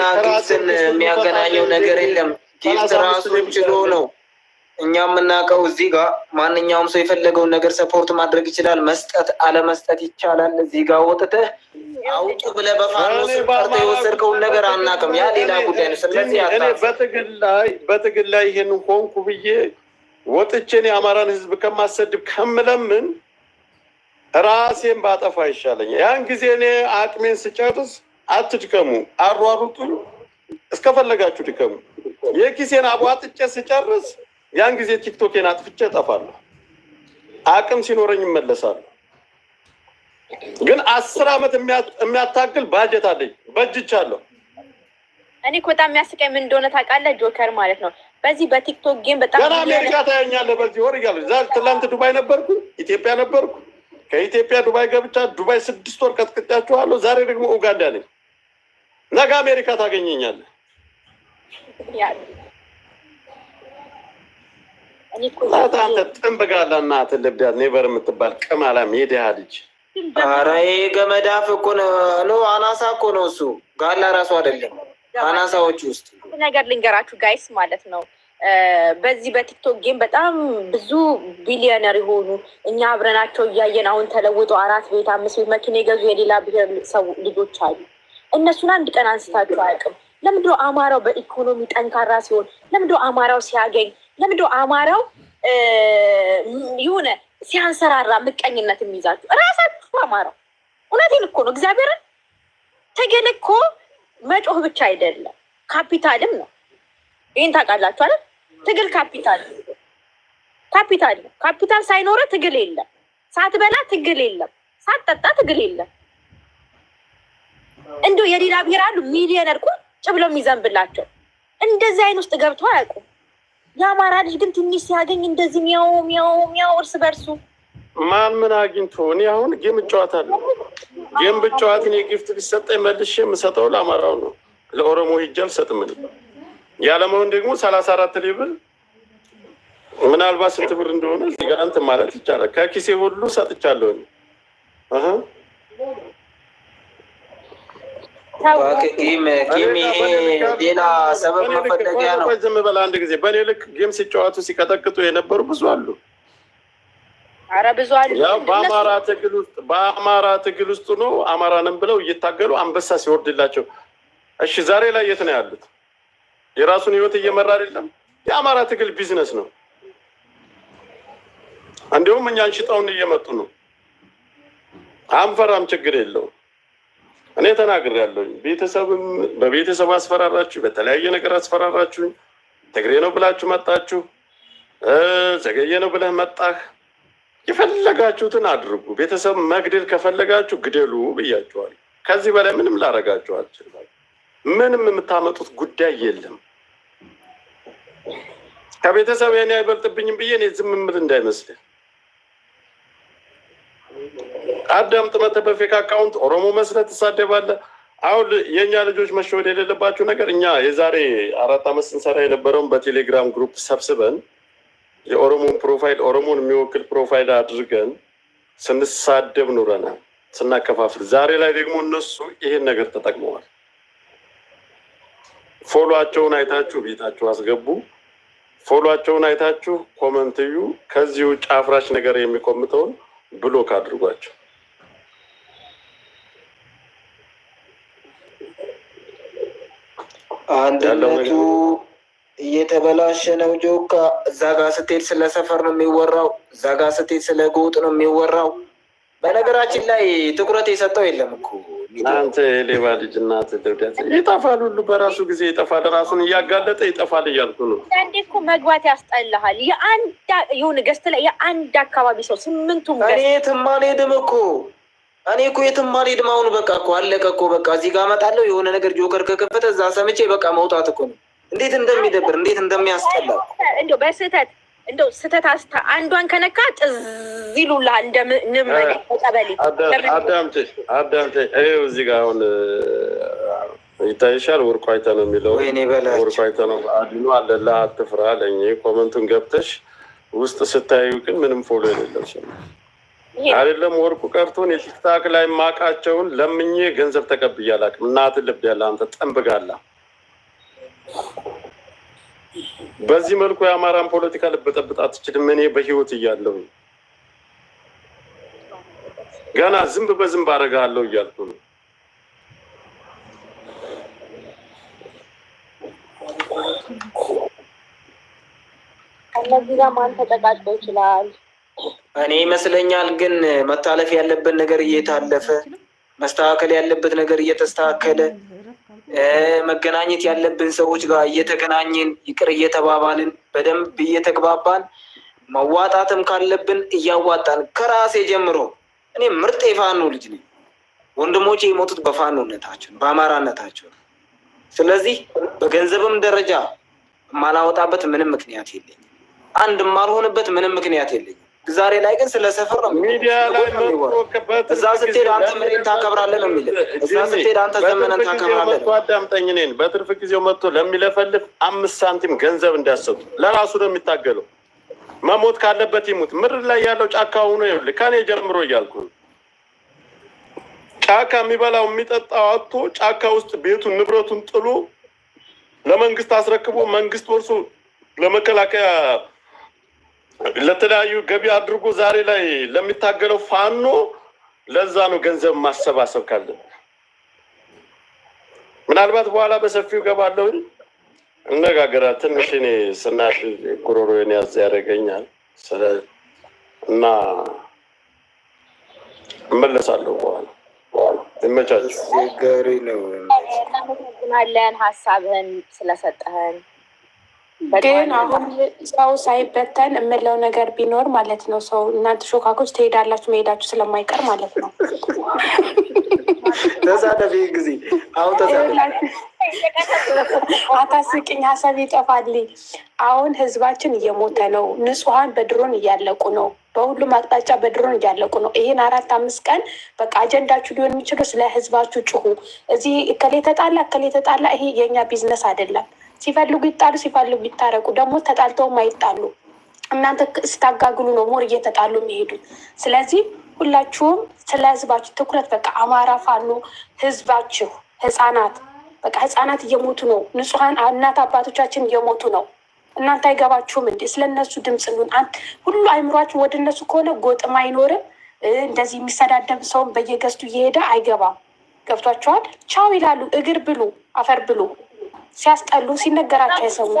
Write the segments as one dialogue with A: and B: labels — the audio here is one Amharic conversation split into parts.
A: እና ጊፍትን የሚያገናኘው ነገር የለም። ጊፍት ራሱን ችሎ ነው። እኛ የምናውቀው እዚህ ጋር ማንኛውም ሰው የፈለገውን ነገር ሰፖርት ማድረግ ይችላል። መስጠት አለመስጠት ይቻላል። እዚህ ጋር ወጥተህ አውጡ ብለህ በፋኖ የወሰድከውን ነገር አናውቅም። ያ ሌላ ጉዳይ ነው። ስለዚህ
B: በትግል ላይ ይሄን ሆንኩ ብዬ ወጥቼን የአማራን ህዝብ ከማሰድብ ከምለምን ራሴን ባጠፋ ይሻለኛል። ያን ጊዜ እኔ አቅሜን ስጨርስ አትድከሙ፣ አሯሩጡኝ፣ እስከፈለጋችሁ ድከሙ። የኪሴን አቧጥጬ ስጨርስ ያን ጊዜ ቲክቶኬን አጥፍቼ እጠፋለሁ። አቅም ሲኖረኝ ይመለሳሉ። ግን አስር ዓመት የሚያታግል ባጀት አለኝ፣ በእጅቻለሁ።
C: እኔ ኮታ በጣም የሚያስቀኝ ምን እንደሆነ ታውቃለህ? ጆከር ማለት ነው በዚህ በቲክቶክ ጌም በጣም
B: ገና አሜሪካ ታያኛለህ። በዚህ ወር እያለሁ ዛ ትላንት ዱባይ ነበርኩ፣ ኢትዮጵያ ነበርኩ። ከኢትዮጵያ ዱባይ ገብቻ ዱባይ ስድስት ወር ቀጥቅጫችኋለሁ። ዛሬ ደግሞ ኡጋንዳ ነኝ። ነገ አሜሪካ ታገኘኛለ። አንተ ጥንብ ጋር ለእናትህ ልብዳት ኔቨር የምትባል ቅማላም የድሃ ልጅ።
A: ኧረ ይሄ ገመዳፍ እኮ ነው፣ አናሳ እኮ ነው እሱ። ጋላ ራሱ አይደለም አናሳዎች ውስጥ
C: ነገር ልንገራችሁ ጋይስ ማለት ነው። በዚህ በቲክቶክ ጌም በጣም ብዙ ቢሊዮነር የሆኑ እኛ አብረናቸው እያየን አሁን ተለውጦ አራት ቤት አምስት ቤት መኪና የገዙ የሌላ ብሔር ልጆች አሉ። እነሱን አንድ ቀን አንስታችሁ አያውቅም። ለምንድነው አማራው በኢኮኖሚ ጠንካራ ሲሆን፣ ለምንድነው አማራው ሲያገኝ፣ ለምንድነው አማራው የሆነ ሲያንሰራራ ምቀኝነት የሚይዛችሁ? እራሳችሁ አማራው። እውነቴን እኮ ነው። እግዚአብሔርን ትግል እኮ መጮህ ብቻ አይደለም፣ ካፒታልም ነው። ይህን ታውቃላችሁ አይደል? ትግል ካፒታል ካፒታል ነው። ካፒታል ሳይኖረ ትግል የለም። ሳትበላ ትግል የለም። ሳትጠጣ ትግል የለም። እንዶ የሌላ ብሔር አሉ ሚሊዮነር ቁጭ ብለው የሚዘንብላቸው እንደዚህ አይን ውስጥ ገብቶ አያውቁም። የአማራ ልጅ ግን ትንሽ ሲያገኝ እንደዚህ ሚያው ሚያው ሚያው እርስ በርሱ
B: ማን ምን አግኝቶ እኔ አሁን ጌም እጫዋት አለ ጌም እኔ የጊፍት ቢሰጠኝ መልሼ የምሰጠው ለአማራው ነው። ለኦሮሞ ሂጄ አልሰጥም። ያለመሆን ደግሞ ሰላሳ አራት ሊብል ምናልባት ስንት ብር እንደሆነ እዚህ ጋር እንትን ማለት ይቻላል። ከኪሴ ሁሉ ሰጥቻለሁ።
A: ጌም ሌላ ሰበብ መፈለጊያ ነው።
B: ዝም በል አንድ ጊዜ በእኔ ልክ ጌም ሲጫወቱ ሲቀጠቅጡ የነበሩ ብዙ አሉ። ኧረ ብዙ አሉ። ያው በአማራ ትግል ውስጥ ነው አማራንም ብለው እየታገሉ አንበሳ ሲወርድላቸው፣ እሺ ዛሬ ላይ የት ነው ያሉት? የራሱን ህይወት እየመራ አይደለም። የአማራ ትግል ቢዝነስ ነው። እንዲሁም እኛን ሽጠውን እየመጡ ነው። አንፈራም፣ ችግር የለውም። እኔ ተናግሬያለሁኝ። ቤተሰብም በቤተሰብ አስፈራራችሁ፣ በተለያየ ነገር አስፈራራችሁኝ። ትግሬ ነው ብላችሁ መጣችሁ፣ ዘገየ ነው ብለህ መጣህ። የፈለጋችሁትን አድርጉ። ቤተሰብ መግደል ከፈለጋችሁ ግደሉ ብያችኋል። ከዚህ በላይ ምንም ላረጋችሁ አልችልም። ምንም የምታመጡት ጉዳይ የለም። ከቤተሰብ ይሄን አይበልጥብኝም ብዬ እኔ ዝም እንዳይመስልህ አዳም ጥመተ በፌክ አካውንት ኦሮሞ መስለህ ትሳደባለህ። አሁን የእኛ ልጆች መሸወድ የሌለባቸው ነገር እኛ የዛሬ አራት ዓመት ስንሰራ የነበረውን በቴሌግራም ግሩፕ ሰብስበን የኦሮሞን ፕሮፋይል ኦሮሞን የሚወክል ፕሮፋይል አድርገን ስንሳደብ ኑረናል፣ ስናከፋፍል። ዛሬ ላይ ደግሞ እነሱ ይሄን ነገር ተጠቅመዋል። ፎሎቸውን አይታችሁ ቤታችሁ አስገቡ። ፎሎቸውን አይታችሁ ኮመንትዩ። ከዚሁ ጫፍራሽ ነገር የሚቆምጠውን ብሎክ አድርጓቸው።
A: አንድነቱ እየተበላሸ ነው። ጆካ እዛ ጋ ስትሄድ ስለ ሰፈር ነው የሚወራው፣ እዛ ጋ ስትሄድ ስለ ጎጥ ነው የሚወራው። በነገራችን ላይ ትኩረት የሰጠው የለም እኮ
B: አንተ የሌባ ልጅ እናት ይጠፋል። ሁሉ በራሱ ጊዜ ይጠፋል። ራሱን እያጋለጠ ይጠፋል እያልኩ ነው።
C: አንዴ እኮ መግባት ያስጠልሃል። የአንድ የሆነ ገስት ላይ የአንድ አካባቢ ሰው ስምንቱም
A: እኔ የትም አልሄድም እኮ እኔ እኮ የትም አልሄድም። አሁን በቃ እኮ አለቀ እኮ በቃ እዚህ ጋር እመጣለሁ። የሆነ ነገር ጆከር ከከፈተ እዛ ሰምቼ በቃ መውጣት እኮ ነው። እንዴት እንደሚደብር እንዴት እንደሚያስጠላ
C: እንደው በስህተት እንደው ስህተት አስታ አንዷን ከነካ ጥዝ ይሉልሃል። እንደምንመለ
B: ጠበሌ አዳምጥሽ አዳምጥሽ። ይኸው እዚህ ጋር አሁን ይታይሻል። ወርቁ አይተ ነው የሚለው ወርቁ አይተ ነው አድኖ አለላ አትፍራ አለኝ። ኮመንቱን ገብተሽ ውስጥ ስታዩ ግን ምንም ፎሎ የሌለው አይደለም ወርቁ ቀርቶን የቲክታክ ላይ ማቃቸውን ለምኜ ገንዘብ ተቀብዬ አላውቅም። እናትን ልብ ያለ አንተ ጠንብጋላ። በዚህ መልኩ የአማራን ፖለቲካ ልበጠብጥ አትችልም። እኔ በህይወት እያለሁ ገና ዝንብ በዝንብ አደርግሃለሁ እያልኩ ነው።
C: እነዚህ ጋር ማን ተጨቃጭቆ ይችላል? እኔ ይመስለኛል ግን መታለፍ ያለበት ነገር እየታለፈ መስተካከል ያለበት ነገር እየተስተካከለ መገናኘት ያለብን ሰዎች ጋር እየተገናኘን ይቅር እየተባባልን በደንብ እየተግባባን መዋጣትም ካለብን እያዋጣን ከራሴ ጀምሮ እኔ ምርጥ የፋኖ ልጅ ነኝ። ወንድሞች የሞቱት በፋኖነታቸው በአማራነታቸው። ስለዚህ በገንዘብም ደረጃ የማላወጣበት ምንም ምክንያት የለኝም። አንድ የማልሆንበት ምንም ምክንያት የለኝም። ዛሬ ላይ ግን ስለ ሰፈር ነው እዛ ስትሄድ አንተ መሬን ታከብራለ ነው የሚል እዛ ስትሄድ አንተ ዘመነን ታከብራለህ
B: አዳምጠኝ እኔን በትርፍ ጊዜው መጥቶ ለሚለፈልፍ አምስት ሳንቲም ገንዘብ እንዳሰጡ ለራሱ ነው የሚታገለው መሞት ካለበት ይሙት ምድር ላይ ያለው ጫካ ሆኖ ይኸውልህ ከኔ ጀምሮ እያልኩ ጫካ የሚበላው የሚጠጣው አቶ ጫካ ውስጥ ቤቱን ንብረቱን ጥሎ ለመንግስት አስረክቦ መንግስት ወርሶ ለመከላከያ ለተለያዩ ገቢ አድርጎ ዛሬ ላይ ለሚታገለው ፋኖ ለዛ ነው ገንዘብ ማሰባሰብ ካለ ምናልባት በኋላ በሰፊው ገባለሁ እነጋገራ ትንሽ እኔ ስናሽ ጉሮሮን ያዝ ያደረገኛል እና እመለሳለሁ በኋላ ይመቻችሁ። ገሪ ነው።
C: እናመሰግናለን ሀሳብህን ስለሰጠህን። ግን አሁን ሰው ሳይበተን የምለው ነገር ቢኖር ማለት ነው ሰው እናንተ ሾካኮች ትሄዳላችሁ መሄዳችሁ ስለማይቀር ማለት ነው።
A: ተሳለፊ ጊዜ አሁን
C: አታስቅኝ፣ ሀሳብ ይጠፋል። አሁን ህዝባችን እየሞተ ነው። ንጹሀን በድሮን እያለቁ ነው። በሁሉም አቅጣጫ በድሮን እያለቁ ነው። ይህን አራት አምስት ቀን በቃ አጀንዳችሁ ሊሆን የሚችለው ስለ ህዝባችሁ ጩሁ። እዚህ እከሌ ተጣላ እከሌ ተጣላ፣ ይሄ የእኛ ቢዝነስ አይደለም። ሲፈልጉ ይጣሉ፣ ሲፈልጉ ይታረቁ። ደግሞ ተጣልተውም አይጣሉ። እናንተ ስታጋግሉ ነው ሞር እየተጣሉ የሚሄዱት ስለዚህ ሁላችሁም ስለ ህዝባችሁ ትኩረት በቃ አማራ ፋኖ ህዝባችሁ፣ ህፃናት በቃ ህፃናት እየሞቱ ነው። ንጹሐን እናት አባቶቻችን እየሞቱ ነው። እናንተ አይገባችሁም እንዴ? ስለ እነሱ ድምፅ ሉን ሁሉ አይምሯችሁ ወደ እነሱ ከሆነ ጎጥም አይኖርም። እንደዚህ የሚሰዳደብ ሰውን በየገዝቱ እየሄደ አይገባም። ገብቷቸዋል ቻው ይላሉ። እግር ብሉ፣ አፈር ብሉ። ሲያስጠሉ ሲነገራቸው አይሰሙ።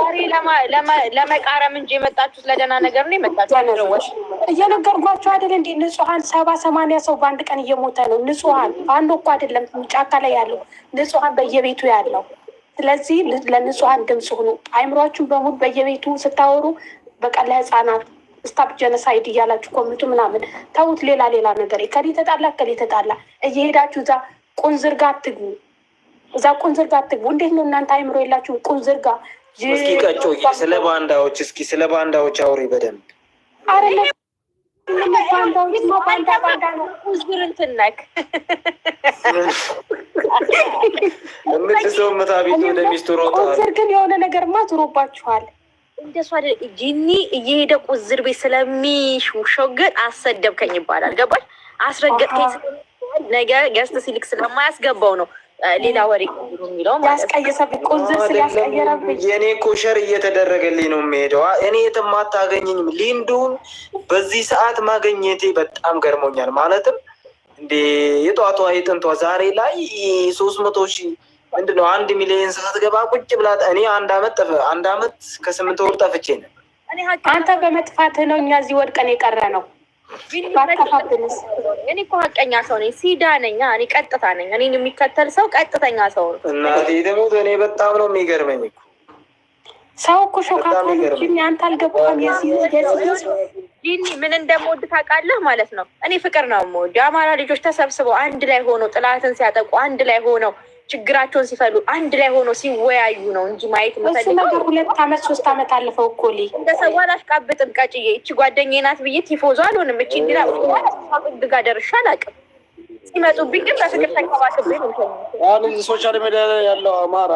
C: ለመቃረም እንጂ የመጣችሁት ለደህና ነገር ነው የመጣችሁ። እየነገርኳቸው አይደል እንዲ ንጹሀን ሰባ ሰማንያ ሰው በአንድ ቀን እየሞተ ነው። ንጹሀን አንዱ እኮ አይደለም ጫካ ላይ ያለው ንጹሀን በየቤቱ ያለው። ስለዚህ ለንጹሀን ድምፅ ሁኑ። አይምሯችሁን በሙሉ በየቤቱ ስታወሩ በቃ ለህፃናት ስታፕ ጀነሳይድ እያላችሁ ኮምቱ ምናምን ተዉት። ሌላ ሌላ ነገር ከሌ ተጣላ ከሌ ተጣላ እየሄዳችሁ እዛ ቁንዝር ጋር አትግቡ። እዛ ቁንዝር ጋር አትግቡ። እንዴት ነው እናንተ አይምሮ የላችሁ? ቁንዝር ጋር
A: እስኪ ቀጮ ስለ ባንዳዎች እስኪ ስለ ባንዳዎች አውሪ በደንብ አረለ
C: ግን የሆነ ነገርማ ትሮባችኋል። እንደሱ አደ ጂኒ እየሄደ ቁዝር ቤት ስለሚሾገጥ አሰደብከኝ ይባላል። ገባሽ? አስረገጥከኝ ነገ ገስት ሲልክ ስለማያስገባው ነው ሌላ ወሬ የሚለው ያስቀየሰብኝ
A: ቁንዝር ስላስቀየረብኝ የእኔ ኮሸር እየተደረገልኝ ነው የሚሄደዋ። እኔ የትም አታገኘኝም። ሊንዱን በዚህ ሰዓት ማገኘቴ በጣም ገርሞኛል። ማለትም እንዴ የጧቷ የጥንቷ ዛሬ ላይ ሶስት መቶ ሺህ ምንድን ነው አንድ ሚሊዮን ሰዓት ገባ ቁጭ ብላት። እኔ አንድ አመት ጠፍ አንድ አመት ከስምንት ወር ጠፍቼ ነው።
C: አንተ በመጥፋትህ ነው እኛ እዚህ ወድቀን የቀረ ነው። እኔ እኮ ሀቀኛ ሰው ነኝ። ሲዳ ነኝ። እኔ ቀጥታ ነኝ። እኔ የሚከተል ሰው ቀጥተኛ ሰው ነው።
A: እናቴ ደግሞ እኔ በጣም ነው የሚገርመኝ እኮ
C: ሰው እኮ ሾካኮሎጂም ያንተ አልገባም። ምን እንደምወድ ታውቃለህ ማለት ነው። እኔ ፍቅር ነው የምወድ። የአማራ ልጆች ተሰብስበው አንድ ላይ ሆነው ጥላትን ሲያጠቁ አንድ ላይ ሆነው ችግራቸውን ሲፈሉ አንድ ላይ ሆኖ ሲወያዩ ነው እንጂ ማየት ነገር ሁለት አመት ሶስት አመት አለፈው እኮ እንደ ሰው አላሽቃብጥም። ቀጭዬ እቺ ጓደኛዬ ናት ብዬ ቲፎዞ አልሆንም። እቺ እንዲላ ድጋ ደርሻ ደርሼ አላውቅም። ሲመጡብኝ ግን በፍቅር ተንከባክቤ
A: አሁን እዚህ ሶሻል ሚዲያ ላይ ያለው አማራ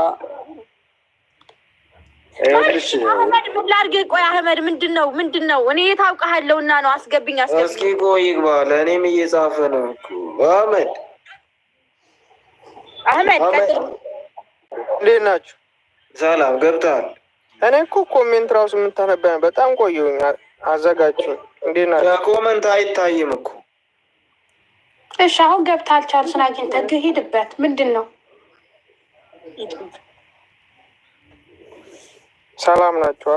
C: አህመድ ምን ላድርግ? ቆይ አህመድ ምንድን ነው ምንድን ነው? እኔ የታውቀሃለሁና ነው አስገብኝ፣
A: አስገብኝ። እስኪ ቆይ ይግባ። ለእኔም እየጻፈ ነው አህመድ አህመድ እንዴት ናችሁ? ሰላም ገብተዋል።
B: እኔ እኮ ኮሜንት ራሱ የምታነበ በጣም ቆየሁኝ። አዘጋጁኝ።
A: እንዴት ናችሁ? ኮመንት አይታይም እኮ።
C: እሺ አሁን ገብተሃል። ቻርስን አግኝተህ ሂድበት። ምንድን ነው?
B: ሰላም ናችኋ?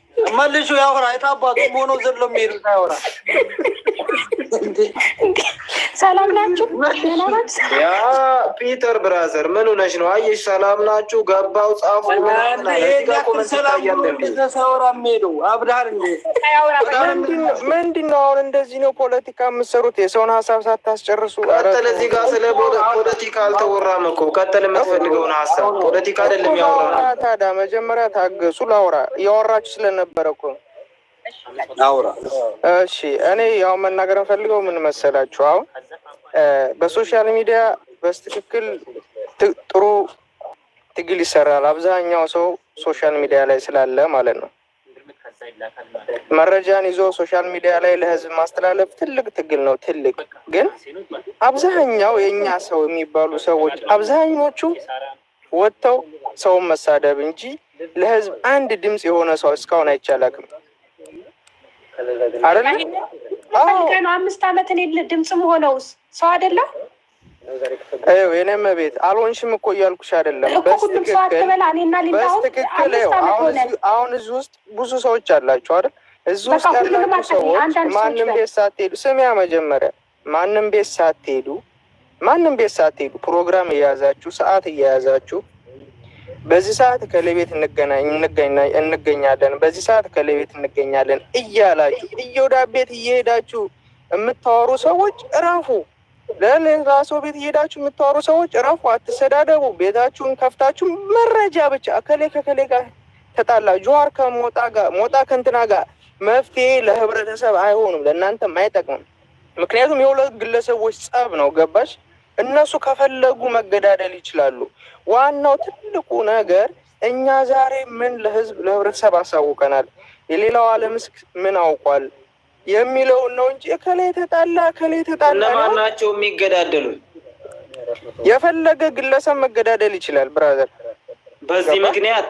A: መልሹ ያወራ የታባቱ ሆኖ ዘሎ የሚሄዱት ያወራ።
C: ሰላም ናችሁ
A: ፒተር ብራዘር፣ ምን ነሽ ነው? አየሽ፣ ሰላም ናችሁ። ገባው ጻፉ። ምንድን
B: ነው አሁን እንደዚህ ነው ፖለቲካ የምትሰሩት? የሰውን ሀሳብ ሳታስጨርሱ
A: ቀጥል። እዚህ ጋር ስለ ፖለቲካ አልተወራም እኮ ቀጥል። የምትፈልገውን ሀሳብ ፖለቲካ አይደለም
B: ያወራ። ታዲያ መጀመሪያ ታገሱ፣ ላውራ። ያወራችሁ ስለነበ ነበር እኮ አውራ። እሺ እኔ ያው መናገር እንፈልገው ምን መሰላችሁ፣ አሁን በሶሻል ሚዲያ በስትክክል ጥሩ ትግል ይሰራል። አብዛኛው ሰው ሶሻል ሚዲያ ላይ ስላለ ማለት ነው መረጃን ይዞ ሶሻል ሚዲያ ላይ ለህዝብ ማስተላለፍ ትልቅ ትግል ነው። ትልቅ ግን አብዛኛው የእኛ ሰው የሚባሉ ሰዎች አብዛኞቹ ወጥተው ሰውን መሳደብ እንጂ ለህዝብ አንድ ድምፅ የሆነ ሰው እስካሁን አይቻላቅም። አረነ
C: አምስት ዓመት እኔ ድምፅም ሆነውስ ሰው አይደለም።
B: የኔም ቤት አልሆንሽም እኮ እያልኩሽ አይደለም። በስትክክል አሁን እዚህ ውስጥ ብዙ ሰዎች አላችሁ አይደል? እዚህ ውስጥ ያላችሁ ሰዎች ማንም ቤት ሳትሄዱ ስሚያ፣ መጀመሪያ ማንም ቤት ሳትሄዱ ማንም ቤት ሳትሄዱ ፕሮግራም እየያዛችሁ ሰዓት እየያዛችሁ በዚህ ሰዓት ከለቤት እንገኛለን፣ በዚህ ሰዓት ከለቤት እንገኛለን እያላችሁ እየወዳ ቤት እየሄዳችሁ የምታወሩ ሰዎች እረፉ። ለራሶ ቤት እየሄዳችሁ የምታወሩ ሰዎች እረፉ፣ አትሰዳደቡ። ቤታችሁን ከፍታችሁ መረጃ ብቻ ከሌ ከከሌ ጋር ተጣላ ጆዋር ከሞጣ ጋር ሞጣ ከንትና ጋር መፍትሄ ለህብረተሰብ አይሆኑም፣ ለእናንተም አይጠቅምም። ምክንያቱም የሁለት ግለሰቦች ጸብ ነው። ገባሽ? እነሱ ከፈለጉ መገዳደል ይችላሉ። ዋናው ትልቁ ነገር እኛ ዛሬ ምን ለህዝብ ለህብረተሰብ አሳውቀናል፣ የሌላው ዓለምስ ምን አውቋል የሚለውን ነው እንጂ ከላይ የተጣላ ከላይ የተጣላ እነማን ናቸው የፈለገ ግለሰብ መገዳደል ይችላል ብራዘር።
A: በዚህ ምክንያት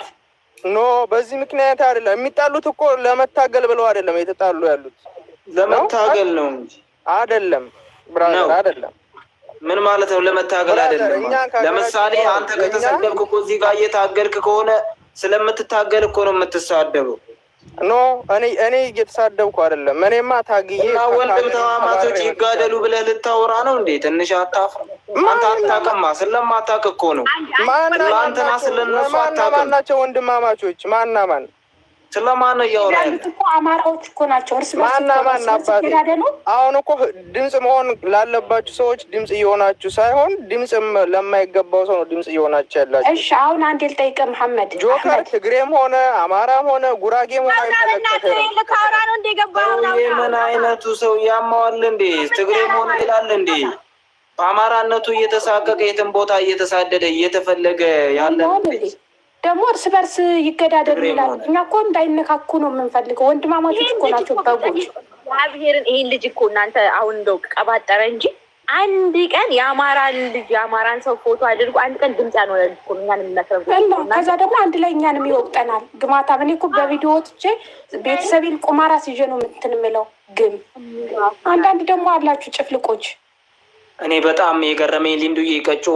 B: ኖ በዚህ ምክንያት አይደለም የሚጣሉት እኮ ለመታገል ብለው አይደለም የተጣሉ ያሉት
A: ለመታገል ነው እንጂ
B: አይደለም ብራዘር አይደለም
A: ምን ማለት ነው? ለመታገል አይደለም። ለምሳሌ አንተ ከተሰደብክ እኮ እዚህ ጋር እየታገልክ ከሆነ ስለምትታገል እኮ ነው የምትሳደበው።
B: ኖ እኔ እኔ እየተሳደብኩ አይደለም። እኔማ ታግዬ
A: እና ወንድም ተማማቶች ይጋደሉ ብለህ ልታወራ ነው እንዴ? ትንሽ አታፍር? አንተ አታውቅማ። ስለማታውቅ እኮ ነው። ማናንተና ስለነሱ
B: አታውቅም። ወንድማማቾች ማና ማን
A: ስለማን ነው እያወራ ያለ
C: እኮ አማራዎች እኮ ናቸው። እርስ
B: ማና ማና አባቴ አሁን እኮ ድምፅ መሆን ላለባችሁ ሰዎች ድምፅ እየሆናችሁ ሳይሆን ድምፅ ለማይገባው ሰው ነው ድምፅ እየሆናችሁ ያላችሁ።
C: እሺ አሁን አንድ ልጠይቀ መሐመድ
B: ጆከር ትግሬም ሆነ አማራም ሆነ ጉራጌም ሆነ
A: ምን አይነቱ ሰው ያማዋል እንዴ? ትግሬም ሆነ ይላል እንዴ? በአማራነቱ እየተሳቀቀ የትም ቦታ እየተሳደደ እየተፈለገ ያለ
C: ደግሞ እርስ በርስ ይገዳደሉ ይላሉ። እኛ እኮ እንዳይነካኩ ነው የምንፈልገው። ወንድማማቾች እኮ ናቸው በጎች። እግዚአብሔርን ይህን ልጅ እኮ እናንተ አሁን እንደው ቀባጠረ እንጂ አንድ ቀን የአማራን ልጅ የአማራን ሰው ፎቶ አድርጎ አንድ ቀን ድምፅ ያኖረ ልጅ እኮ እኛን የምናስረጉና ከዛ ደግሞ አንድ ላይ እኛንም ይወቅጠናል። ግማታ እኔ እኮ በቪዲዮ ወጥቼ ቤተሰቤን ቁማራ ሲዤ ነው የምትን ምለው። ግን አንዳንድ ደግሞ አላችሁ ጭፍልቆች።
A: እኔ በጣም የገረመኝ ሊንዱ የቀጮ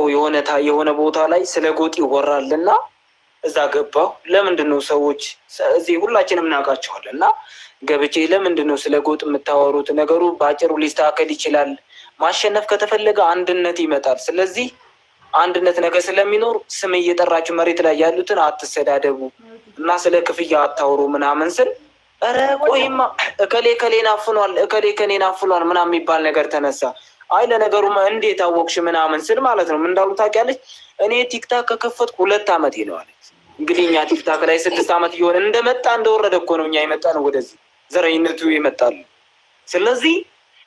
A: የሆነ ቦታ ላይ ስለ ጎጥ ይወራልና እዛ ገባሁ። ለምንድን ነው ሰዎች እዚህ ሁላችንም እናውቃቸዋለን እና ገብቼ ለምንድን ነው ስለ ጎጥ የምታወሩት? ነገሩ በአጭሩ ሊስተካከል ይችላል። ማሸነፍ ከተፈለገ አንድነት ይመጣል። ስለዚህ አንድነት ነገ ስለሚኖር ስም እየጠራችሁ መሬት ላይ ያሉትን አትሰዳደቡ እና ስለ ክፍያ አታውሩ ምናምን ስል ኧረ ቆይማ እከሌ ከሌን አፍኗል፣ እከሌ ከኔን አፍኗል ምናምን የሚባል ነገር ተነሳ። አይ ለነገሩ እንዴት አወቅሽ ምናምን ስል ማለት ነው ምን እንዳሉ ታውቂያለሽ? እኔ ቲክታክ ከከፈትኩ ሁለት ዓመት ይለዋል እንግዲህ እኛ ቲክታክ ላይ ስድስት ዓመት እየሆነ እንደመጣ እንደወረደ እኮ ነው እኛ የመጣ ነው ወደዚህ ዘረኝነቱ ይመጣሉ። ስለዚህ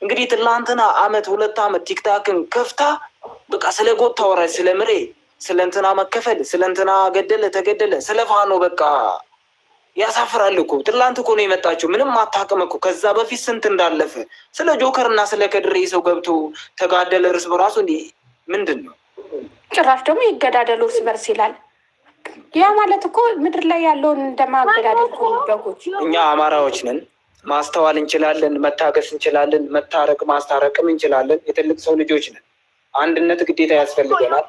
A: እንግዲህ ትላንትና አመት ሁለት አመት ቲክታክን ከፍታ በቃ ስለ ጎታ ወራ ስለ ምሬ፣ ስለ እንትና መከፈል፣ ስለ እንትና ገደለ ተገደለ፣ ስለ ፋኖ በቃ ያሳፍራል እኮ። ትላንት እኮ ነው የመጣችው። ምንም አታውቅም እኮ። ከዛ በፊት ስንት እንዳለፈ ስለ ጆከር እና ስለ ከድሬ ሰው ገብቶ ተጋደለ እርስ በራሱ እንዲህ ምንድን ነው
C: ጭራሽ ደግሞ ይገዳደሉ እርስ በርስ ይላል። ያ ማለት እኮ ምድር ላይ ያለውን እንደማገዳደል በጎች።
A: እኛ አማራዎች ነን። ማስተዋል እንችላለን፣ መታገስ እንችላለን፣ መታረቅ ማስታረቅም እንችላለን። የትልቅ ሰው ልጆች ነን። አንድነት ግዴታ ያስፈልገናል።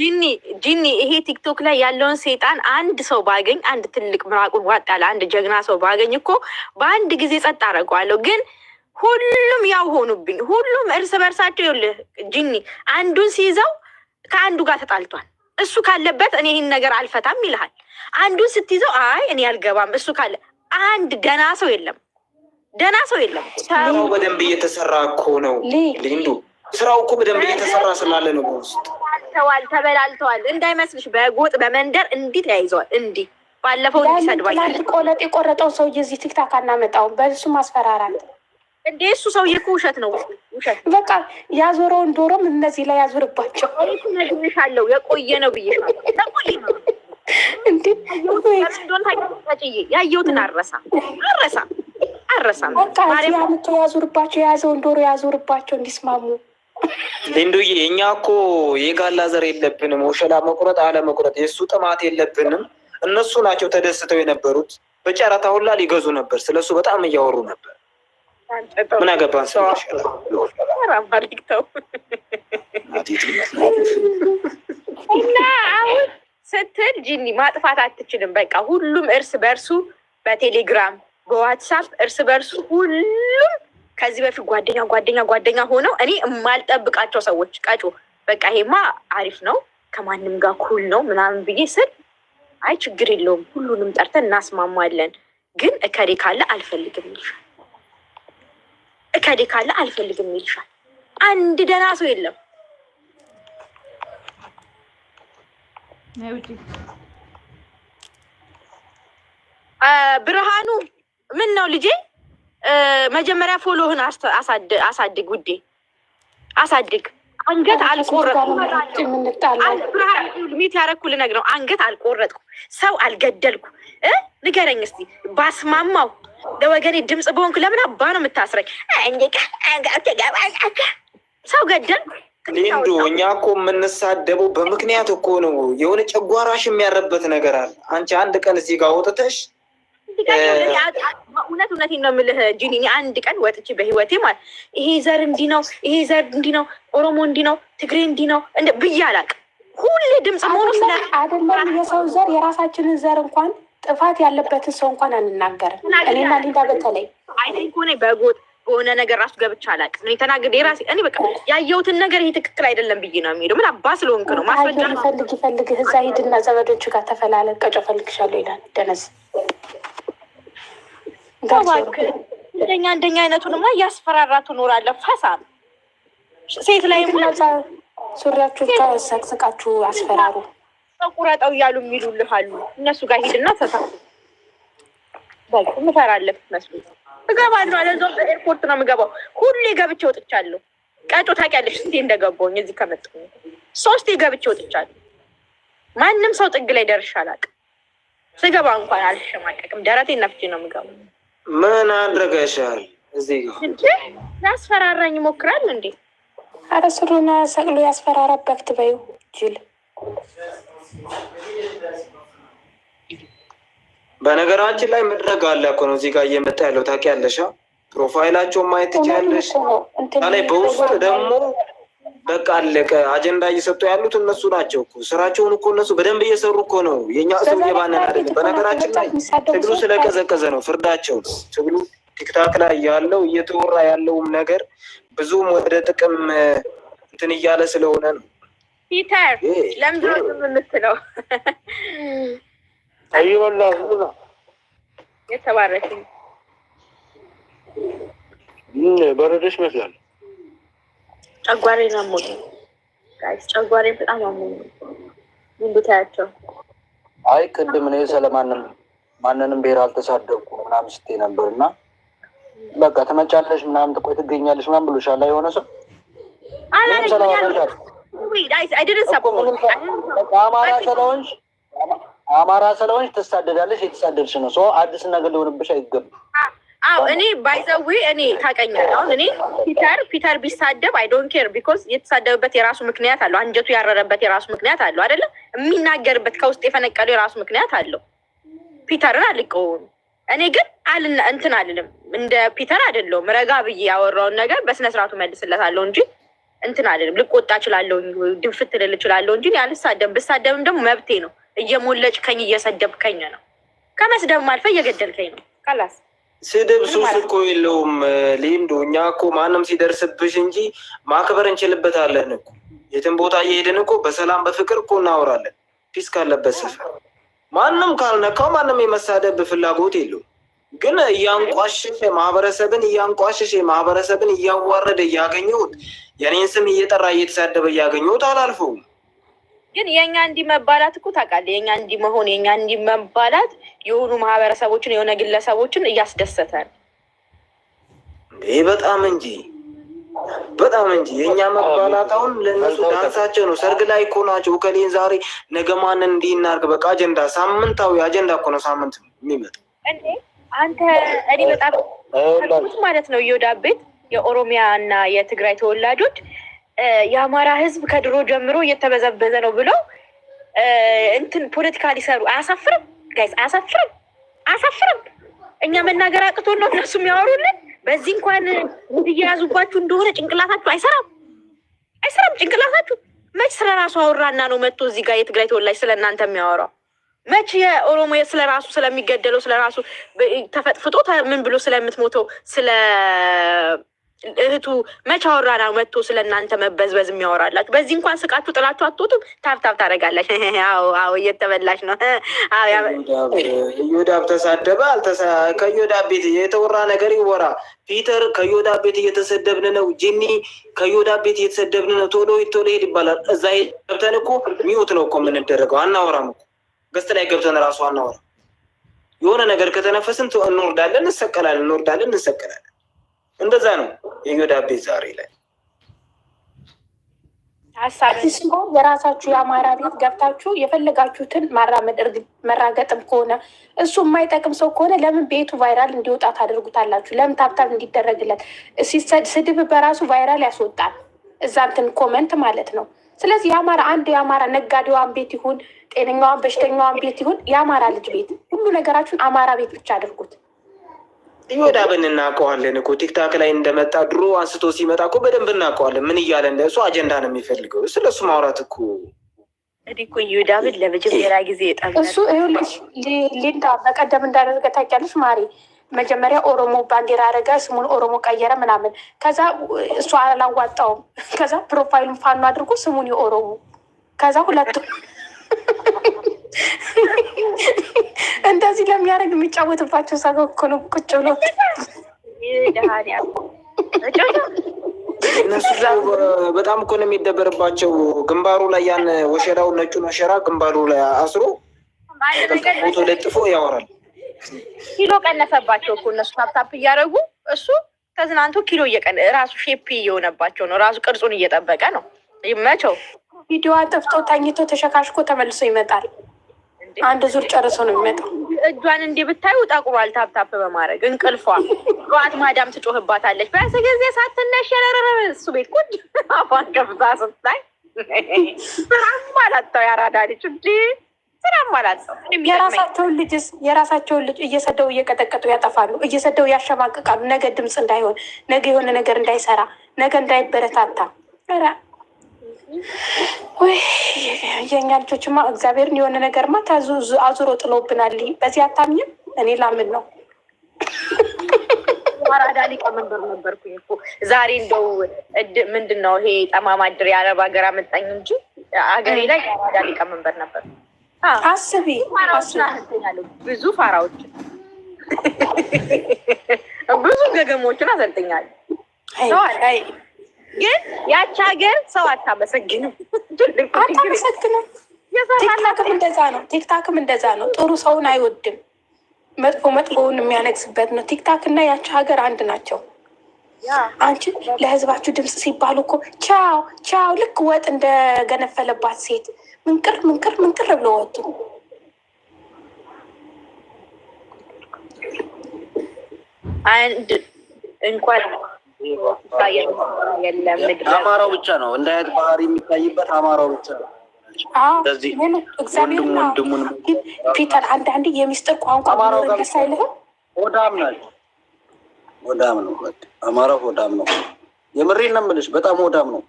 C: ጂኒ ጂኒ፣ ይሄ ቲክቶክ ላይ ያለውን ሴጣን አንድ ሰው ባገኝ፣ አንድ ትልቅ ምራቁን ዋጥ ያለ አንድ ጀግና ሰው ባገኝ እኮ በአንድ ጊዜ ጸጥ አደርገዋለሁ ግን ሁሉም ያው ሆኑብኝ። ሁሉም እርስ በርሳቸው ይኸውልህ ጂኒ አንዱን ሲይዘው ከአንዱ ጋር ተጣልቷል። እሱ ካለበት እኔ ይህን ነገር አልፈታም ይልሃል። አንዱን ስትይዘው አይ እኔ አልገባም እሱ ካለ አንድ ደና ሰው የለም፣ ደና ሰው የለም።
A: ስራው በደንብ እየተሰራ እኮ ነው ሊንዱ፣ ስራው እኮ በደንብ እየተሰራ ስላለ ነው። በውስጥ
C: ተበላልተዋል እንዳይመስልሽ። በጎጥ በመንደር እንዲህ ተያይዘዋል። እንዲህ ባለፈው እንዲሰድባል ቆለጥ የቆረጠው ሰውዬ እዚህ ቲክታክ አናመጣውም። በእሱ ማስፈራራት እንዴ እሱ ሰውዬ እኮ ውሸት ነው ውሸት። በቃ ያዞረውን ዶሮም እነዚህ ላይ ያዞርባቸው። ነግሬሻለሁ፣ የቆየ ነው ብዬ ያየሁትን አረሳ አረሳ አረሳ። በቃ ያምቶ ያዞርባቸው፣ የያዘውን ዶሮ ያዞርባቸው እንዲስማሙ።
A: እንዱዬ እኛ እኮ የጋላ ዘር የለብንም፣ ወሸላ መቁረጥ አለመቁረጥ የእሱ ጥማት የለብንም። እነሱ ናቸው ተደስተው የነበሩት። በጨረታ ሁላ ሊገዙ ነበር። ስለሱ በጣም እያወሩ ነበር። ምን አገባን?
C: እና አሁን ስትል ጂኒ ማጥፋት አትችልም። በቃ ሁሉም እርስ በእርሱ በቴሌግራም በዋትሳፕ እርስ በእርሱ ሁሉም ከዚህ በፊት ጓደኛ ጓደኛ ጓደኛ ሆነው እኔ የማልጠብቃቸው ሰዎች ቀጮ በቃ ይሄማ አሪፍ ነው ከማንም ጋር ኩል ነው ምናምን ብዬ ስል አይ ችግር የለውም ሁሉንም ጠርተን እናስማማለን፣ ግን እከሌ ካለ አልፈልግም ይልሻል። እከዴ ካለ አልፈልግም ይልሻል። አንድ ደህና ሰው የለም። ብርሃኑ ምን ነው ልጄ፣ መጀመሪያ ፎሎህን አሳድግ ውዴ፣ አሳድግ። አንገት አልቆረጥኩም። ሚት ያረኩል ነገር ነው። አንገት አልቆረጥኩ፣ ሰው አልገደልኩ። ንገረኝ እስቲ ባስማማው ለወገኔ ድምፅ በሆንኩ ለምን አባ ነው የምታስረኝ? ሰው ገደል
A: ሊንዱ እኛ እኮ የምንሳደበው በምክንያት እኮ ነው። የሆነ ጨጓራሽ የሚያረበት ነገር አለ። አንቺ አንድ ቀን እዚህ ጋር ወጥተሽ
C: እውነት እውነቴን ነው የምልህ ጂኒ፣ አንድ ቀን ወጥቼ በህይወቴ ማለት ይሄ ዘር እንዲህ ነው፣ ይሄ ዘር እንዲህ ነው፣ ኦሮሞ እንዲህ ነው፣ ትግሬ እንዲህ ነው እንደ ብዬ አላውቅም። ሁሌ ድምፅ መሆኑ ስለ አይደለም የሰው ዘር የራሳችንን ዘር እንኳን ጥፋት ያለበትን ሰው እንኳን አንናገርም። እኔና ሊዳ በተለይ አይንኩ በጎጥ በሆነ ነገር ራሱ ገብቼ አላውቅም። እኔ ተናግሬ እራሴ እኔ በቃ ያየሁትን ነገር ይሄ ትክክል አይደለም ብዬ ነው የሚሄደው። ምን አባ ስለሆንክ ነው ማስረጃ ይፈልግ ፈልግ እዛ ሂድና ዘመዶች ጋር ተፈላለ ቀጮ ፈልግሻለሁ ይላል። ደነዝ እንደኛ እንደኛ አይነቱንማ እያስፈራራ ትኖራለ። ፋሳ ሴት ላይ ሱሪያችሁ ጋር ሰቅስቃችሁ አስፈራሩ። ቁረጠው እያሉ የሚሉልህ አሉ። እነሱ ጋር ሂድና ተሳ ምፈራለህ መስሉ እገባለሁ። አለዛው በኤርፖርት ነው የምገባው። ሁሌ ገብቼ ወጥቻለሁ። ቀጮ ታውቂያለሽ እንዴ እንደገባሁኝ እዚህ ከመጣሁ ሶስቴ ገብቼ ወጥቻለሁ። ማንም ሰው ጥግ ላይ ደርሼ አላውቅም። ስገባ እንኳን አልሸማቀቅም። ደረቴን ነፍቼ ነው የምገባው።
A: ምን አድርገሻል? እዚህ
C: ያስፈራራኝ ይሞክራል እንዴ? አረ ስሩን ሰቅሎ ያስፈራራ በይው ጅል
A: በነገራችን ላይ መድረግ አለ እኮ ነው እዚህ ጋር እየመጣ ያለው ታውቂያለሽ። ፕሮፋይላቸውን ማየት ትችላለሽ። ላይ በውስጥ ደግሞ በቃ አለቀ። አጀንዳ እየሰጡ ያሉት እነሱ ናቸው እኮ ስራቸውን እኮ እነሱ በደንብ እየሰሩ እኮ ነው። የኛ ሰው እየባነን አይደለም። በነገራችን ላይ ትግሉ ስለቀዘቀዘ ነው ፍርዳቸው ነው። ትግሉ ቲክታክ ላይ ያለው እየተወራ ያለውም ነገር ብዙም ወደ ጥቅም እንትን እያለ ስለሆነ ነው
C: ፒተር ለምንድን ነው ዝም የምትለው? የተባረክ
A: በረዶች ይመስላል።
C: ጨጓሬን አሞኝ ጨጓሬን በጣም አሞኝ ምንዱ ታያቸው።
A: አይ ቅድም እኔ ስለማንም ማንንም ብሔር አልተሳደብኩ ምናምን ስትይ ነበር እና በቃ ትመጫለሽ ምናምን ቆይ ትገኛለሽ ምናምን ብሎሻል የሆነ ሰው አማራ ስለሆንሽ ትሳደዳለሽ፣ የተሳደድሽ ነው። ሰው አዲስ ነገር ሊሆንብሽ አይገባም።
C: አዎ እኔ ባይዘዌ እኔ ታውቀኛለህ። አሁን እኔ ፒተር ፒተር ቢሳደብ አይ ዶንት ኬር ቢኮዝ የተሳደበበት የራሱ ምክንያት አለው። አንጀቱ ያረረበት የራሱ ምክንያት አለው። አይደለም የሚናገርበት ከውስጥ የፈነቀለው የራሱ ምክንያት አለው። ፒተርን አልቀውም። እኔ ግን አልና እንትን አልልም። እንደ ፒተር አይደለውም። ረጋ ብዬ ያወራውን ነገር በስነስርዓቱ መልስለታለሁ እንጂ እንትን አይደለም። ልቆጣ እችላለሁ፣ ድንፍት ልል እችላለሁ እንጂ አልሳደብም። ብሳደብም ደግሞ መብቴ ነው። እየሞለጭከኝ እየሰደብከኝ ነው። ከመስደብም አልፈ እየገደልከኝ ነው። ካላስ
A: ስድብ ሱስ እኮ የለውም ሊንዱ። እኛ እኮ ማንም ሲደርስብሽ እንጂ ማክበር እንችልበታለን እኮ የትም ቦታ እየሄድን እኮ በሰላም በፍቅር እኮ እናወራለን። ፒስ ካለበት ስፍራ ማንም ካልነካው ማንም የመሳደብ ፍላጎት የለውም። ግን እያንቋሸሸ ማህበረሰብን እያንቋሸሸ ማህበረሰብን እያዋረደ እያገኘሁት የኔን ስም እየጠራ እየተሳደበ እያገኘሁት አላልፈውም።
C: ግን የእኛ እንዲህ መባላት እኮ ታውቃለህ፣ የእኛ እንዲህ መሆን የእኛ እንዲህ መባላት የሆኑ ማህበረሰቦችን የሆነ ግለሰቦችን እያስደሰተን
A: ይህ በጣም እንጂ በጣም እንጂ የእኛ መባላት አሁን ለእነሱ ዳንሳቸው ነው። ሰርግ ላይ እኮ ናቸው እከሌን ዛሬ ነገ ማንን እንዲህ እናድርግ በቃ አጀንዳ፣ ሳምንታዊ አጀንዳ እኮ ነው ሳምንት የሚመጣው
C: አንተ እኔ በጣም ማለት ነው እዮዳብ ቤት የኦሮሚያ እና የትግራይ ተወላጆች የአማራ ህዝብ ከድሮ ጀምሮ እየተበዘበዘ ነው ብለው እንትን ፖለቲካ ሊሰሩ አያሳፍርም? ጋይስ አያሳፍርም? አያሳፍርም? እኛ መናገር አቅቶ ነው እነሱ የሚያወሩልን። በዚህ እንኳን እንድያያዙባችሁ እንደሆነ ጭንቅላታችሁ አይሰራም፣ አይሰራም ጭንቅላታችሁ። መች ስለ ራሱ አውራና ነው መጥቶ እዚህ ጋር የትግራይ ተወላጅ ስለ እናንተ የሚያወራው? መቼ የኦሮሞ ስለ ራሱ ስለሚገደለው ስለ ራሱ ተፈጥፍጦ ምን ብሎ ስለምትሞተው ስለ እህቱ መቼ አወራና መጥቶ ስለ እናንተ መበዝበዝ የሚያወራላችሁ? በዚህ እንኳን ስቃችሁ ጥላችሁ አትወጡም። ታብታብ ታደርጋለች። አዎ አዎ፣ እየተበላሽ ነው።
A: ዮዳብ ተሳደበ ከዮዳብ ቤት የተወራ ነገር ይወራ። ፒተር ከዮዳብ ቤት እየተሰደብን ነው። ጂኒ ከዮዳብ ቤት እየተሰደብን ነው። ቶሎ ቶሎ ሄድ ይባላል። እዛ ገብተን እኮ ሚውት ነው እኮ የምንደረገው። አናወራም እኮ በስተ ላይ ገብተን ራሱ አናወራ። የሆነ ነገር ከተነፈስን እንወርዳለን፣ እንሰቀላለን፣ እንወርዳለን፣ እንሰቀላለን። እንደዛ ነው የዮዳቤ ዛሬ ላይ
C: ሲሆን የራሳችሁ የአማራ ቤት ገብታችሁ የፈለጋችሁትን ማራመድ መራገጥም ከሆነ እሱ የማይጠቅም ሰው ከሆነ ለምን ቤቱ ቫይራል እንዲወጣ ታደርጉታላችሁ? ለምን ታብታብ እንዲደረግለት? ስድብ በራሱ ቫይራል ያስወጣል። እዛንትን ኮመንት ማለት ነው። ስለዚህ የአማራ አንድ የአማራ ነጋዴዋን ቤት ይሁን ጤነኛዋን በሽተኛዋን ቤት ይሁን የአማራ ልጅ ቤት ሁሉ ነገራችሁን አማራ ቤት ብቻ አድርጉት።
A: ኢዮዳብን እናውቀዋለን እኮ ቲክታክ ላይ እንደመጣ ድሮ አንስቶ ሲመጣ እኮ በደንብ እናውቀዋለን። ምን እያለ እንደ እሱ አጀንዳ ነው የሚፈልገው። ስለሱ ማውራት እኮ
C: እኔ እኮ ኢዮዳብን ለመጀመሪያ ጊዜ እሱ ሌንዳ በቀደም እንዳደረገ ታውቂያለሽ ማሪ መጀመሪያ ኦሮሞ ባንዲራ አረገ፣ ስሙን ኦሮሞ ቀየረ ምናምን። ከዛ እሱ አላዋጣውም። ከዛ ፕሮፋይሉን ፋኖ አድርጎ ስሙን የኦሮሞ ከዛ ሁለቱ እንደዚህ ለሚያደርግ የሚጫወትባቸው ሰው እኮ ነው ቁጭ ብሎ
A: እነሱ በጣም እኮ ነው የሚደበርባቸው። ግንባሩ ላይ ያን ወሸራው ነጩን ወሸራ ግንባሩ ላይ አስሮ ፎቶ ለጥፎ ያወራል።
C: ኪሎ ቀነሰባቸው እኮ እነሱ ታፕታፕ እያደረጉ እሱ ተዝናንቶ ኪሎ እየቀነ ራሱ ሼፕ እየሆነባቸው ነው። ራሱ ቅርጹን እየጠበቀ ነው። ይመቸው። ቪዲዮ አጥፍቶ ተኝቶ ተሸካሽኮ ተመልሶ ይመጣል። አንድ ዙር ጨርሶ ነው የሚመጣው። እጇን እንዲህ ብታዩ ጠቁሯል። ታፕታፕ በማድረግ እንቅልፏ ጠዋት ማዳም ትጮህባታለች። በያሰ ጊዜ ሳትነሽ እሱ ቤት ቁጭ አፏን ከፍታ ስታይ ራሱ አላጣው ያራዳ ልጅ እንዲህ የራሳቸውን ልጅስ የራሳቸውን ልጅ እየሰደው እየቀጠቀጡ ያጠፋሉ፣ እየሰደው ያሸማቅቃሉ። ነገ ድምፅ እንዳይሆን፣ ነገ የሆነ ነገር እንዳይሰራ፣ ነገ እንዳይበረታታ። የእኛ ልጆችማ እግዚአብሔርን የሆነ ነገርማ አዙሮ ጥሎብናል። በዚህ አታምኝም? እኔ ላምን ነው አራዳ ሊቀመንበር ነበርኩ እኮ ዛሬ እንደው ምንድን ነው ይሄ ጠማማ ድር የአረብ ሀገር አመጣኝ እንጂ ሀገሬ ላይ የአራዳ ሊቀመንበር ነበር። አስቢ ብዙ ፋራዎች ብዙ ገገሞችን አሰልጥኛለሁ። ግን ያቺ ሀገር ሰው አታመሰግንም አታመሰግንም። እንደዛ ነው። ቲክታክም እንደዛ ነው። ጥሩ ሰውን አይወድም፣ መጥፎ መጥፎውን የሚያነግስበት ነው። ቲክታክ እና ያቺ ሀገር አንድ ናቸው። አንቺ ለህዝባችሁ ድምፅ ሲባሉ እኮ ቻው ቻው፣ ልክ ወጥ እንደገነፈለባት ሴት ምንቅር ምንቅር ምንቅር ብሎ ወጡ።
A: አማራው ብቻ ነው እንደ አይነት ባህሪ የሚታይበት አማራው ብቻ ነው።
C: እግዚአብሔር ፒተር አንዳንዴ የሚስጥር ቋንቋ ማረገስ
A: አይልህም። ወዳም ናቸው። ሆዳም ነው አማራ ወዳም ነው። የምሬን ነው የምልሽ፣ በጣም ወዳም ነው።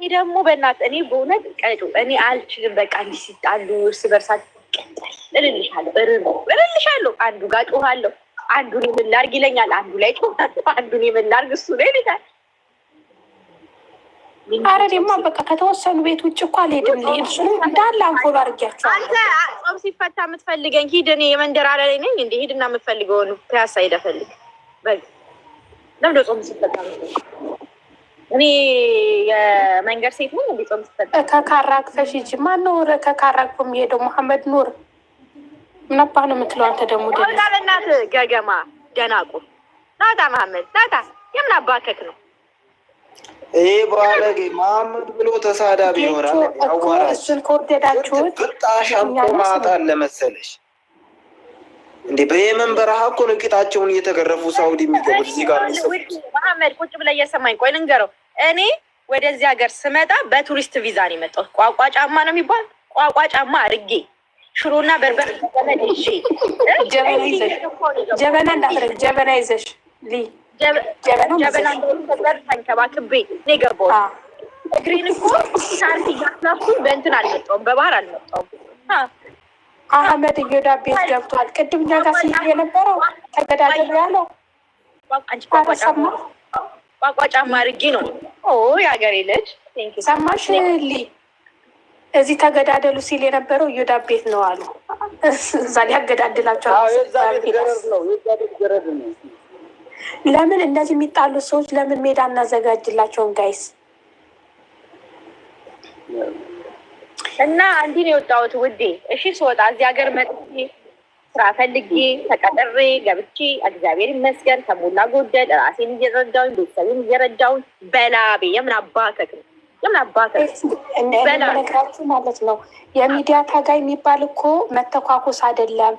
A: እኔ ደግሞ በእናት እኔ በእውነት ቀዱ እኔ አልችልም። በቃ እንዲህ ሲጣሉ እርስ በርሳት ቀጣል እልልሻለሁ፣ እልልሻለሁ። አንዱ ጋር ጮኻለሁ፣ አንዱን የምናርግ ይለኛል፣ አንዱ ላይ ጮኻለሁ፣ አንዱን የምናርግ እሱ ነው ይልታል። አረ ደግሞ በቃ ከተወሰኑ ቤት ውጭ እኮ አልሄድም። እሱ እንዳለ አንኮብ አድርጊያቸዋል። ጾም ሲፈታ የምትፈልገኝ ሂድ። እኔ የመንደር አለ ላይ ነኝ። እንዲ ሂድና የምትፈልገውን ፒያሳ ሄደህ ፈልግ። ለምደ ጾም ሲፈታ እኔ የመንገድ ሴት ነው እንዲ ጾም ስፈ ከካራቅ ፈሽጅ ማን ነው ከካራቅ የሚሄደው? መሐመድ ኑር ምን ነው የምትለው አንተ? ደግሞ ወጣ በእናት ገገማ ደናቁ ናታ መሐመድ ናታ የምን አባከክ ነው ይሄ ባለጌ መሐመድ ብሎ ተሳዳቢ ይሆናል። እሱን ከወደዳችሁት ብጣሻም ማጣን ለመሰለሽ እንዴ በየመን በረሃ እኮ ነው ቂጣቸውን እየተገረፉ ሳውዲ የሚገቡት። እዚህ ጋር መሐመድ ቁጭ ብለህ እየሰማኝ ቆይ ልንገረው። እኔ ወደዚህ ሀገር ስመጣ በቱሪስት ቪዛ ነው የመጣሁት። ቋቋ ጫማ ነው የሚባል ቋቋ ጫማ አድርጌ ሽሮና በርበር ገመድ ይዤ ጀበና እንዳትረግ ጀበና ይዘሽ ጀበና እንዳትበር ተንከባክቤ ነው የገባሁት። እግሬን እኮ ሳርት እያስናፍኩኝ በእንትን አልመጣሁም፣ በባህር አልመጣሁም። አህመድ እዮዳ ቤት ገብቷል። ቅድም እኛ ጋር ሲል የነበረው ተገዳደሉ ያለው ሰማ ቋቋጫማ አድርጌ ነው የሀገሬ ልጅ ሰማሽ ሊ እዚህ ተገዳደሉ ሲል የነበረው እዮዳ ቤት ነው አሉ። እዛ ሊያገዳድላቸው ለምን እነዚህ የሚጣሉት ሰዎች ለምን ሜዳ እናዘጋጅላቸውን ጋይስ እና አንዲ ነው የወጣሁት ውዴ። እሺ ስወጣ እዚህ ሀገር መጥቼ ስራ ፈልጌ ተቀጥሬ ገብቼ እግዚአብሔር ይመስገን ከሞላ ጎደል ራሴን እየረዳሁኝ ቤተሰቤን እየረዳሁኝ በላቤ የምን አባተክ ነው የምን አባተክ ነግራችሁ ማለት ነው። የሚዲያ ታጋይ የሚባል እኮ መተኳኮስ አይደለም፣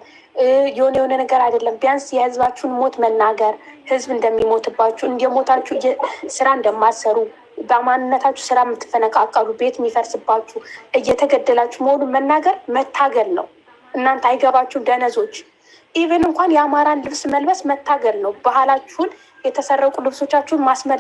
A: የሆነ የሆነ ነገር አይደለም። ቢያንስ የህዝባችሁን ሞት መናገር ህዝብ እንደሚሞትባችሁ እንደሞታችሁ ስራ እንደማትሰሩ በማንነታችሁ ስራ የምትፈነቃቀሉ ቤት የሚፈርስባችሁ እየተገደላችሁ መሆኑን መናገር መታገል ነው። እናንተ አይገባችሁም ደነዞች። ኢቨን እንኳን የአማራን ልብስ መልበስ መታገል ነው። ባህላችሁን የተሰረቁ ልብሶቻችሁን ማስመለስ